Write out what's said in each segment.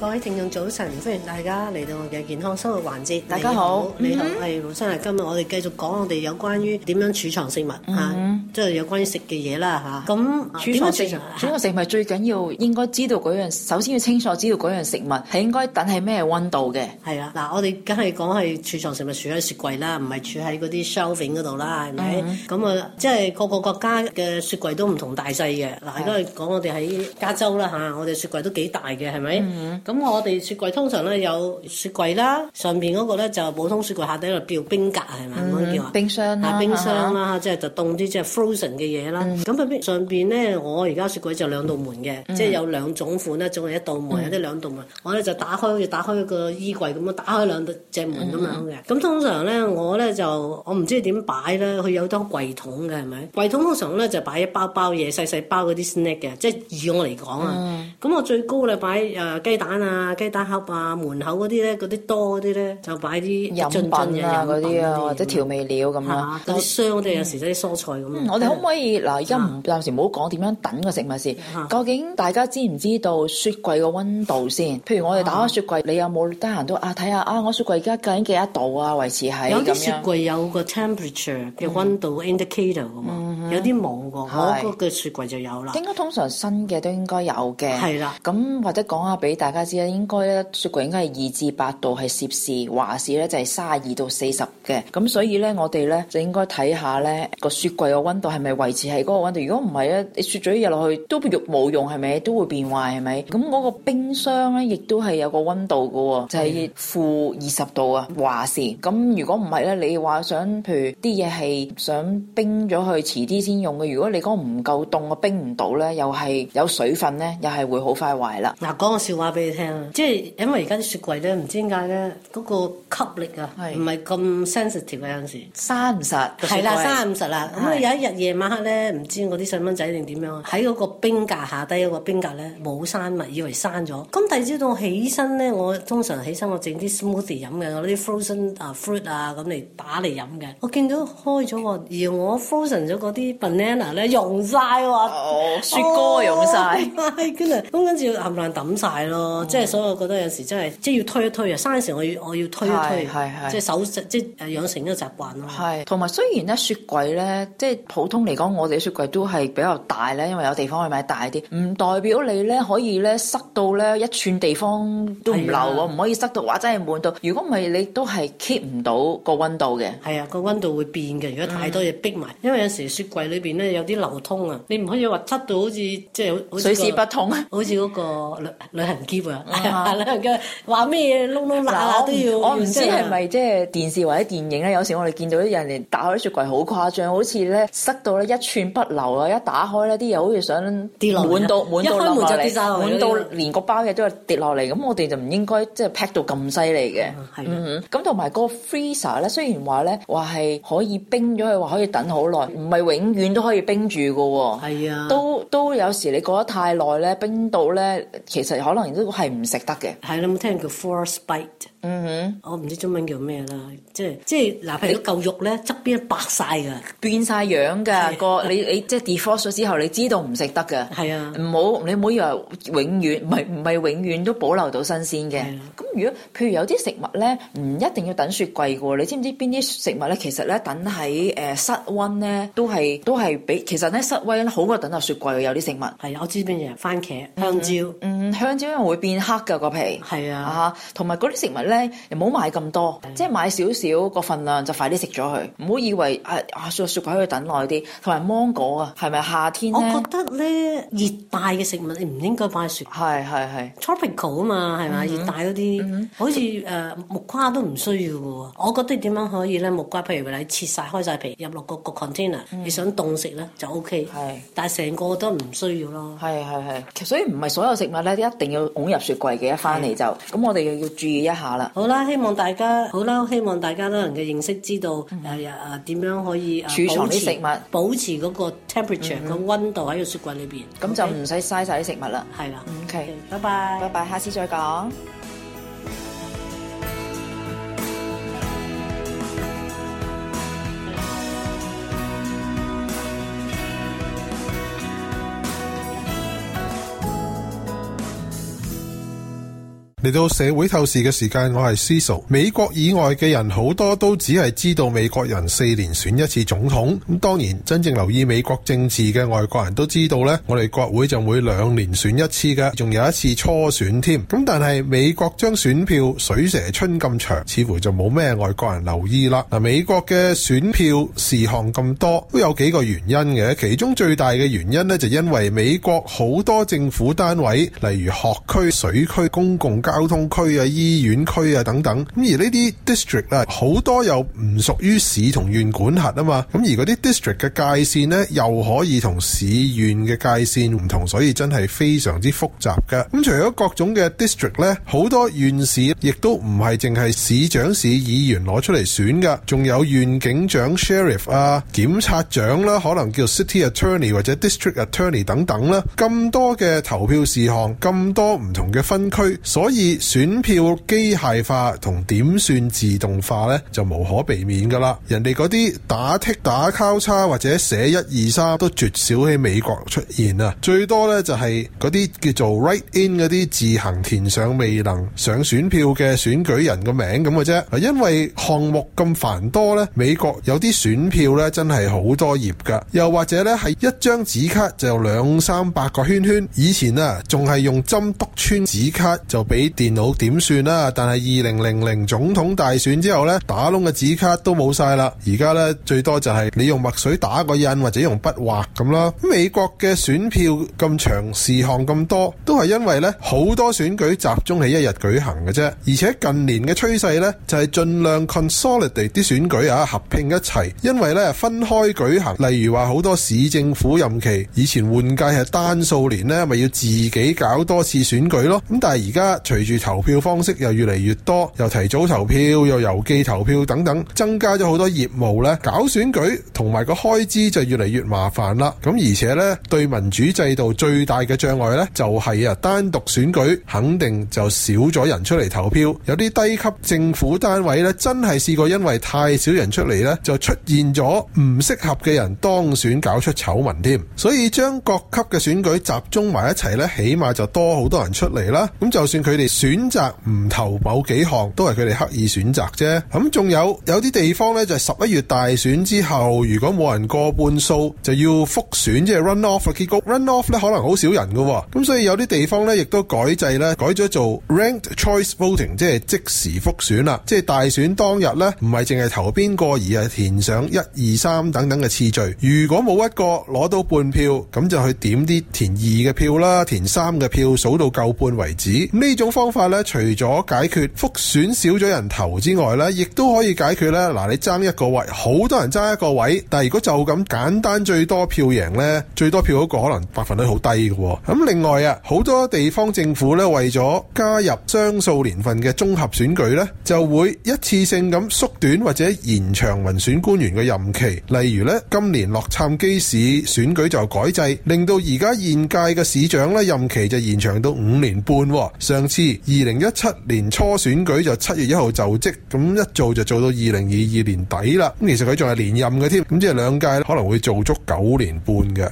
各位聽眾早晨，歡迎大家嚟到我嘅健康生活環節。大家好，你好，係、mm、盧 -hmm. 生啊。今日我哋繼續講我哋有關於點樣儲藏食物、mm -hmm. 啊，即、就、係、是、有關於食嘅嘢啦吓。咁、嗯啊、儲藏食物，儲儲藏食物、啊，儲藏食物最緊要應該知道嗰樣、啊，首先要清楚知道嗰樣食物係應該等喺咩溫度嘅。係啦，嗱，我哋梗係講係儲藏食物儲喺雪櫃啦，唔係儲喺嗰啲 shelving 嗰度啦，係咪？咁啊，即、mm、係 -hmm. 就是、各個國家嘅雪櫃都唔同大細嘅。嗱、mm -hmm. 啊，我哋講我哋喺加州啦吓，我哋雪櫃都幾大嘅，係咪？Mm -hmm. 咁我哋雪櫃通常咧有雪櫃啦，上面嗰個咧就普通雪櫃，下底咧叫冰格，係咪？咁樣叫冰箱啦，冰箱啦、啊啊啊啊，即係就凍啲即係 frozen 嘅嘢啦。咁、嗯、上邊上咧，我而家雪櫃就兩道門嘅、嗯，即係有兩種款啦，一種係一道門，嗯、有啲兩道門。我咧就打開好似打開個衣櫃咁樣，打開兩隻門咁樣嘅。咁、嗯、通常咧，我咧就我唔知點擺咧，佢有張櫃桶嘅係咪？櫃桶通常咧就擺一包包嘢，細細包嗰啲 snack 嘅，即係以我嚟講啊。咁、嗯、我最高咧擺、呃、雞蛋。啊，雞蛋盒啊，門口嗰啲咧，嗰啲多嗰啲咧，就擺啲飲品啊，嗰啲啊，或者調味料咁咯。但啲箱我哋有時整啲蔬菜咁啊、嗯嗯嗯。我哋可唔可以嗱，而家唔暫時唔好講點樣等個食物先、啊。究竟大家知唔知道雪櫃個温度先？譬如我哋打開雪櫃，啊、你有冇得閒都啊睇下啊？我雪櫃而家究竟幾多度啊？維持喺。有啲雪櫃有個 temperature 嘅温度 indicator 噶嘛，有啲冇㗎。我、個雪櫃就有啦。應該通常新嘅都應該有嘅。係啦。咁或者講下俾大家。應該咧，雪櫃應該係二至八度，係攝氏。華氏咧，就係三十二到四十嘅。咁所以咧，我哋咧就應該睇下咧個雪櫃個温度係咪維持喺嗰個温度，如果唔係咧，你雪咗日落去都肉冇用係咪，都會變壞係咪？咁嗰個冰箱咧亦都係有個温度嘅，就係負二十度啊華氏。咁如果唔係咧，你話想譬如啲嘢係想冰咗去遲啲先用嘅，如果你嗰個唔夠凍嘅冰唔到咧，又係有水分咧，又係會好快壞啦。嗱，講個笑話俾你。嗯、即係因為而家啲雪櫃咧，唔知點解咧，嗰、嗰個吸力啊，唔係咁 sensitive 啊，有陣時閂唔實。係啦，閂唔實啦。咁啊、嗯嗯、有一日夜晚黑咧，唔知啲細蚊仔定點樣喺嗰個冰格下低，嗰個冰格咧冇閂物，以為閂咗。咁第二朝早起身咧，我通常起身我整啲 smoothie 飲嘅，我攞啲 frozen 啊 fruit 啊咁嚟打嚟飲嘅。我見到開咗個，而我 frozen 咗嗰啲 banana 咧溶晒喎，雪糕溶晒，跟住咁跟住冚唪唥抌晒咯。 即係所以，就是、我覺得有時真係即係要推一推啊！生嗰時候我要我要推一推，即係首即係養成呢個習慣咯。係。同埋雖然咧雪櫃咧，即係普通嚟講，我哋啲雪櫃都係比較大咧，因為有地方可以買大啲。唔代表你咧可以咧塞到咧一寸地方都唔漏喎，唔、啊、可以塞到話真係滿到。如果唔係你都係 keep 唔到個溫度嘅。係啊，個溫度會變嘅。如果太多嘢逼埋，因為有時雪櫃裏邊咧有啲流通啊，你唔可以話塞到好似即係水泄不通啊， 好似嗰個旅旅行，行機啊。係 啦、嗯，個話咩嘢窿窿罅罅都要。我唔知係咪即係電視或者電影咧？有時我哋見到啲人連打開雪櫃好誇張，好似咧塞到咧一寸不留啊！一打開咧啲嘢好似想跌落，滿到滿到落嚟，滿到連個包嘢都跌落嚟。咁我哋就唔應該即係 pack 到咁犀利嘅。嗯咁同埋個個 freezer 咧，雖然話咧話係可以冰咗佢，話可以等好耐，唔係永遠都可以冰住噶喎。係啊，都都有時你過得太耐咧，冰到咧其實可能都係唔食得嘅，係啦，有冇聽叫 frostbite？嗯哼，我唔知中文叫咩啦，即係即係，嗱譬如一嚿肉咧，側邊白晒噶，變晒樣噶，個 你你即係、就是、defrost 咗之後，你知道唔食得噶，係啊，唔好你唔好以為永遠，唔係唔係永遠都保留到新鮮嘅。係咁如果譬如有啲食物咧，唔一定要等雪櫃嘅喎，你知唔知邊啲食物咧？其實咧，等喺誒室溫咧，都係都係比其實咧室溫好過等喺雪櫃有啲食物。係啊，我知邊樣，番茄、嗯、香蕉，嗯，香蕉因為會變。變黑㗎個皮，係啊嚇，同埋嗰啲食物咧，又唔好買咁多，嗯、即係買少少個份量就快啲食咗佢，唔好以為誒啊，啊，雪雪櫃要等耐啲。同埋芒果啊，係咪夏天我覺得咧熱帶嘅食物你唔應該擺雪櫃？係係係 Tropical 啊嘛，係嘛熱帶嗰啲，好似誒木瓜都唔需要㗎喎。我覺得點、嗯嗯嗯嗯呃、樣可以咧？木瓜譬如你切晒開晒皮，入落個個 container，嗯、你想凍食咧就 O K。係，但係成個都唔需要咯。係係係，所以唔係所有食物咧一定要雪櫃嘅一返嚟就，咁我哋又要注意一下啦。好啦，希望大家好啦，希望大家都能夠認識，知道，誒、嗯、誒、點、啊、樣可以儲藏啲食物，保持嗰個 temperature，個、嗯、溫、嗯、度喺個雪櫃裏邊，咁就唔使嘥晒啲食物啦。係啦，OK，拜、okay，拜，拜拜，下次再講。嚟到社會透視嘅時間，我係師嫂。美國以外嘅人好多都只係知道美國人四年選一次總統。咁當然，真正留意美國政治嘅外國人都知道咧，我哋國會就每兩年選一次嘅，仲有一次初選添。咁但係美國將選票水蛇春咁長，似乎就冇咩外國人留意啦。嗱，美國嘅選票事項咁多，都有幾個原因嘅。其中最大嘅原因咧，就因為美國好多政府單位，例如學區、水區、公共。交通區啊、醫院區啊等等，咁而呢啲 district 啊，好多又唔屬於市同院管轄啊嘛，咁而嗰啲 district 嘅界線呢又可以同市縣嘅界線唔同，所以真係非常之複雜噶。咁除咗各種嘅 district 呢，好多縣市亦都唔係淨係市長、市議員攞出嚟選噶，仲有縣警長 sheriff 啊、檢察長啦、啊，可能叫 city attorney 或者 district attorney 等等啦、啊，咁多嘅投票事項，咁多唔同嘅分區，所以。以選票機械化同點算自動化呢，就無可避免噶啦。人哋嗰啲打剔打交叉或者寫一二三都絕少喺美國出現啊。最多呢，就係嗰啲叫做 write-in 嗰啲自行填上未能上選票嘅選舉人個名咁嘅啫。因為項目咁繁多呢，美國有啲選票呢，真係好多頁噶，又或者呢，係一張紙卡就有兩三百個圈圈。以前啊，仲係用針篤穿紙卡就俾。電腦點算啦？但係二零零零總統大選之後呢，打窿嘅紙卡都冇晒啦。而家呢，最多就係你用墨水打個印或者用筆畫咁啦。美國嘅選票咁長，事項咁多，都係因為呢，好多選舉集中喺一日舉行嘅啫。而且近年嘅趨勢呢，就係盡量 consolidate 啲選舉啊，合併一齊。因為呢，分開舉行，例如話好多市政府任期以前換屆係單數年呢，咪要自己搞多次選舉咯。咁但係而家隨住投票方式又越嚟越多，又提早投票，又郵寄投票等等，增加咗好多業務咧。搞選舉同埋個開支就越嚟越麻煩啦。咁而且咧，對民主制度最大嘅障礙咧，就係啊，單獨選舉肯定就少咗人出嚟投票。有啲低級政府單位咧，真係試過因為太少人出嚟咧，就出現咗唔適合嘅人當選，搞出醜聞添。所以將各級嘅選舉集中埋一齊咧，起碼就多好多人出嚟啦。咁就算佢哋。選擇唔投某幾項都係佢哋刻意選擇啫。咁仲有有啲地方呢，就係十一月大選之後，如果冇人過半數，就要複選，即係 run off 嘅結局 run off 呢可能好少人噶，咁所以有啲地方呢，亦都改制呢，改咗做 ranked choice voting，即係即時複選啦。即係大選當日呢，唔係淨係投邊個，而係填上一二三等等嘅次序。如果冇一個攞到半票，咁就去點啲填二嘅票啦，填三嘅票，數到夠半為止。呢種。方法咧，除咗解決覆選少咗人頭之外咧，亦都可以解決咧。嗱，你爭一個位，好多人爭一個位，但係如果就咁簡單，最多票贏咧，最多票嗰個可能百分率好低嘅。咁另外啊，好多地方政府咧，為咗加入雙數年份嘅綜合選舉咧，就會一次性咁縮短或者延長民選官員嘅任期。例如咧，今年洛杉磯市選舉就改制，令到而家現屆嘅市長咧，任期就延長到五年半。上次。二零一七年初選舉，就七月一號就職，咁一做就做到二零二二年底啦。咁其實佢仲係連任嘅添，咁即係兩屆，可能會做足九年半嘅。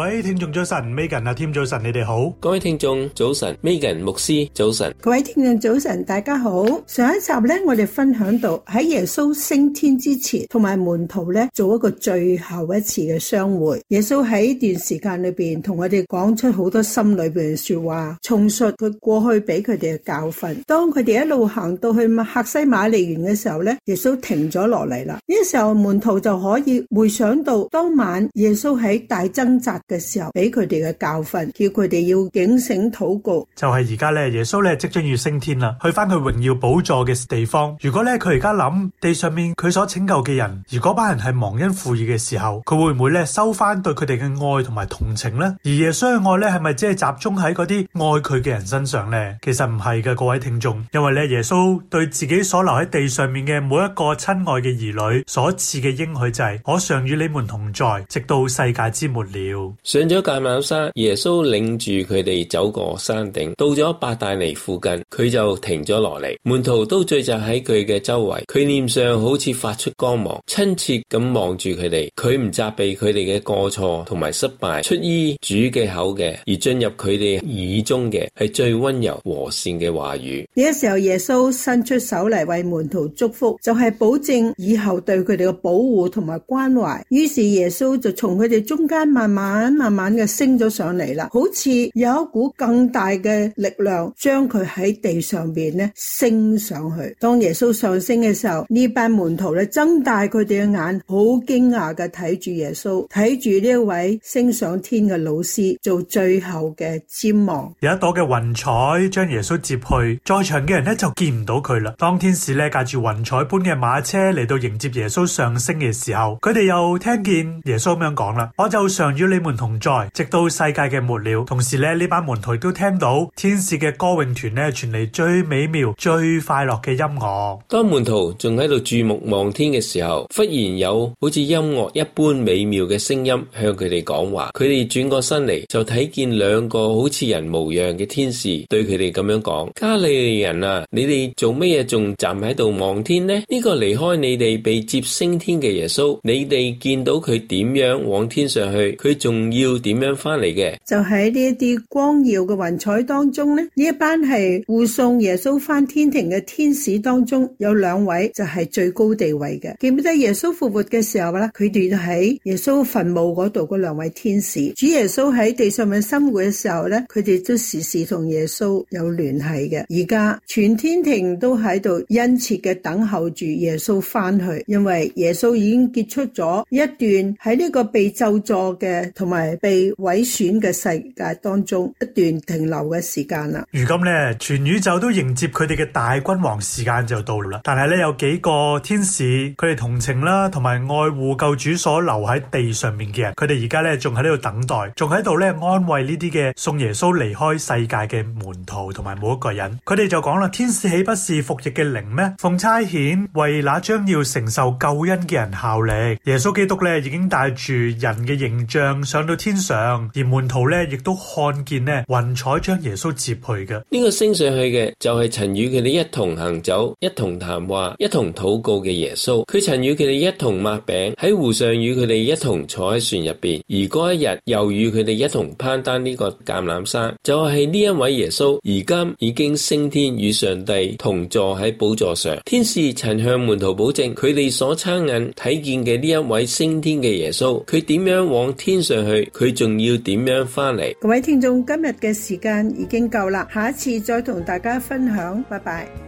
各位聽眾早晨，Megan 啊，添早晨，你哋好。各位聽眾早晨，Megan 牧師早晨。各位聽眾早晨，大家好。上一集咧，我哋分享到喺耶穌升天之前，同埋門徒咧做一個最後一次嘅相會。耶穌喺呢段時間裏邊，同我哋講出好多心裏邊嘅說話，重述佢過去俾佢哋嘅教訓。當佢哋一路行到去客西馬尼園嘅時候咧，耶穌停咗落嚟啦。呢時候門徒就可以回想到當晚耶穌喺大掙扎嘅時候，俾佢哋嘅教訓，叫佢哋要警醒禱告。就係而家咧，耶穌咧即將要升天啦，去翻，佢榮耀寶座嘅地方。如果咧佢而家諗地上面佢所拯救嘅人，而嗰班人係忘恩負義嘅時候，佢會唔會咧收翻對佢哋嘅愛同埋同情咧？而耶穌嘅愛咧係咪只係集中喺嗰啲愛佢嘅人身上咧？其實唔係嘅，各位聽眾，因為咧，耶穌對自己所留喺地上面嘅每一個親愛嘅兒女所賜嘅應許就係：可常與你們同在，直到世界之末了。上咗橄欖山，耶穌領住佢哋走過山頂，到咗八大尼附近，佢就停咗落嚟，門徒都聚集喺佢嘅周圍，佢面上好似發出光芒，親切咁望住佢哋，佢唔責備佢哋嘅過錯同埋失敗，出於主嘅口嘅而進入佢哋耳中嘅係最溫柔和善嘅話語。呢一時候耶穌伸出手嚟為門徒祝福，就係、是、保證以後對佢哋嘅保護同埋關懷。於是耶穌就從佢哋中間慢慢。慢慢嘅升咗上嚟啦，好似有一股更大嘅力量將佢喺地上邊咧升上去。當耶穌上升嘅時候，呢班門徒咧睜大佢哋嘅眼，好驚訝嘅睇住耶穌，睇住呢一位升上天嘅老師做最後嘅瞻望。有一朵嘅雲彩將耶穌接去，在場嘅人咧就見唔到佢啦。當天使咧駕住雲彩般嘅馬車嚟到迎接耶穌上升嘅時候，佢哋又聽見耶穌咁樣講啦：我就常與你同在，直到世界嘅末了。同時咧，呢班門徒都聽到天使嘅歌詠團咧，傳嚟最美妙最快樂嘅音樂。當門徒仲喺度注目望天嘅時候，忽然有好似音樂一般美妙嘅聲音向佢哋講話。佢哋轉過身嚟就睇見兩個好似人模樣嘅天使，對佢哋咁樣講：加利利人啊，你哋做咩嘢仲站喺度望天呢？呢個離開你哋被接升天嘅耶穌，你哋見到佢點樣往天上去，佢仲。要點樣翻嚟嘅？就喺呢一啲光耀嘅雲彩當中呢。呢一班係護送耶穌翻天庭嘅天使當中，有兩位就係最高地位嘅。記唔記得耶穌復活嘅時候咧，佢哋喺耶穌墳墓嗰度嗰兩位天使。主耶穌喺地上面生活嘅時候咧，佢哋都時時同耶穌有聯繫嘅。而家全天庭都喺度殷切嘅等候住耶穌翻去，因為耶穌已經結束咗一段喺呢個被咒坐嘅同埋被毀損嘅世界當中一段停留嘅時間啦。如今咧，全宇宙都迎接佢哋嘅大君王，時間就到啦。但係咧，有幾個天使佢哋同情啦，同埋愛護救主所留喺地上面嘅人，佢哋而家咧仲喺呢度等待，仲喺度咧安慰呢啲嘅送耶穌離開世界嘅門徒同埋每一個人。佢哋就講啦：天使豈不是服役嘅靈咩？奉差遣為那將要承受救恩嘅人效力。耶穌基督咧已經帶住人嘅形象上到天上，而門徒咧亦都看見呢雲彩將耶穌接去嘅。呢個升上去嘅就係曾與佢哋一同行走、一同談話、一同禱告嘅耶穌。佢曾與佢哋一同擘餅喺湖上，與佢哋一同坐喺船入邊。而嗰一日又與佢哋一同攀登呢個橄欖山，就係呢一位耶穌。而今已經升天與上帝同坐喺寶座上。天使曾向門徒保證，佢哋所親眼睇見嘅呢一位升天嘅耶穌，佢點樣往天上。佢仲要點樣翻嚟？各位聽眾，今日嘅時間已經夠啦，下一次再同大家分享，拜拜。